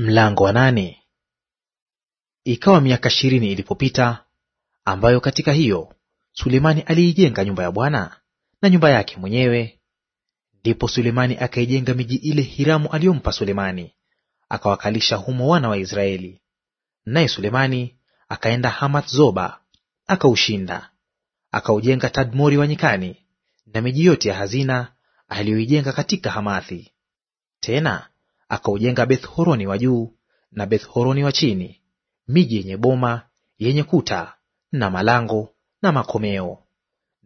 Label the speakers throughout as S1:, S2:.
S1: Mlango wa nane. Ikawa miaka ishirini ilipopita, ambayo katika hiyo Sulemani aliijenga nyumba ya Bwana na nyumba yake mwenyewe, ndipo Sulemani akaijenga miji ile Hiramu aliyompa Sulemani, akawakalisha humo wana wa Israeli. Naye Sulemani akaenda Hamath Zoba akaushinda. Akaujenga Tadmori wa nyikani na miji yote ya hazina aliyoijenga katika Hamathi. Tena akaujenga Beth-horoni wa juu na Beth-horoni wa chini, miji yenye boma yenye kuta na malango na makomeo,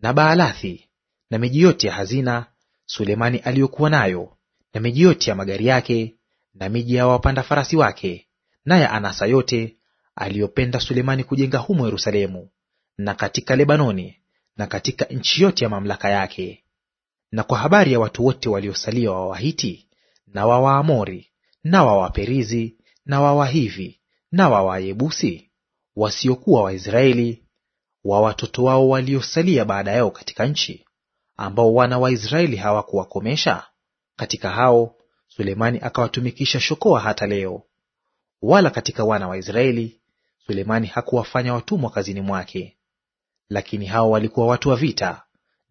S1: na Baalathi na miji yote ya hazina Sulemani aliyokuwa nayo, na miji yote ya magari yake, na miji ya wapanda farasi wake, na ya anasa yote aliyopenda Sulemani kujenga humo Yerusalemu, na katika Lebanoni, na katika nchi yote ya mamlaka yake. Na kwa habari ya watu wote waliosalia wa Wahiti na wa Waamori na wa Waperizi na wa Wahivi na wa Wayebusi wasiokuwa Waisraeli wa watoto wao waliosalia baada yao katika nchi, ambao wana wa Israeli hawakuwakomesha, katika hao Sulemani akawatumikisha shokoa hata leo. Wala katika wana wa Israeli Sulemani hakuwafanya watumwa kazini mwake. Lakini hao walikuwa watu wa vita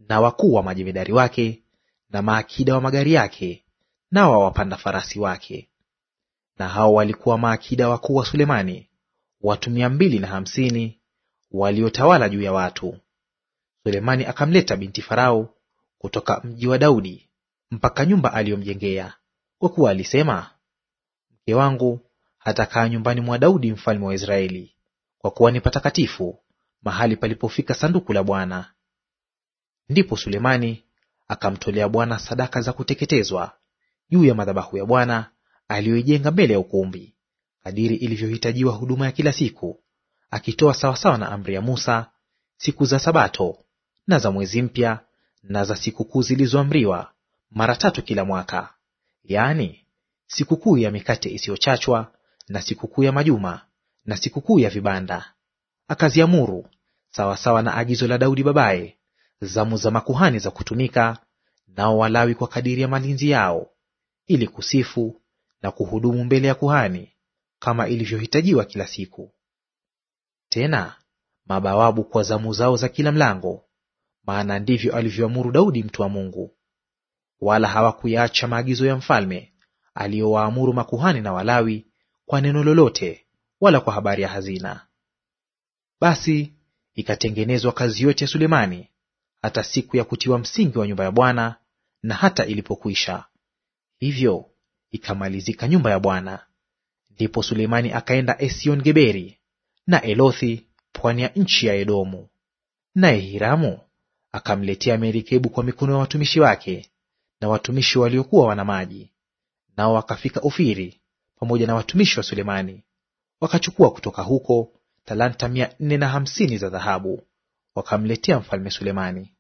S1: na wakuu wa majemadari wake na maakida wa magari yake wa wapanda farasi wake. Na hao walikuwa maakida wakuu wa Sulemani, watu mia mbili na hamsini waliotawala juu ya watu. Sulemani akamleta binti Farao kutoka mji wa Daudi mpaka nyumba aliyomjengea, kwa kuwa alisema, mke wangu hatakaa nyumbani mwa Daudi mfalme wa Israeli, kwa kuwa ni patakatifu, mahali palipofika sanduku la Bwana. Ndipo Sulemani akamtolea Bwana sadaka za kuteketezwa juu ya madhabahu ya Bwana aliyoijenga mbele ya ukumbi, kadiri ilivyohitajiwa huduma ya kila siku, akitoa sawasawa na amri ya Musa siku za Sabato na za mwezi mpya na za sikukuu zilizoamriwa mara tatu kila mwaka, yaani sikukuu ya mikate isiyochachwa na sikukuu ya majuma na sikukuu ya vibanda. Akaziamuru sawasawa na agizo la Daudi babaye, zamu za makuhani za kutumika, nao Walawi kwa kadiri ya malinzi yao ili kusifu na kuhudumu mbele ya kuhani kama ilivyohitajiwa kila siku. Tena mabawabu kwa zamu zao za kila mlango, maana ndivyo alivyoamuru Daudi mtu wa Mungu. Wala hawakuyaacha maagizo ya mfalme aliyowaamuru makuhani na Walawi kwa neno lolote, wala kwa habari ya hazina. Basi ikatengenezwa kazi yote ya Sulemani hata siku ya kutiwa msingi wa nyumba ya Bwana na hata ilipokwisha. Hivyo ikamalizika nyumba ya Bwana. Ndipo Sulemani akaenda Esion Geberi na Elothi, pwani ya nchi ya Edomu. Naye Hiramu akamletea merikebu kwa mikono ya watumishi wake na watumishi waliokuwa wana maji, nao wakafika Ofiri pamoja na watumishi wa Sulemani, wakachukua kutoka huko talanta mia nne na hamsini za dhahabu wakamletea mfalme Sulemani.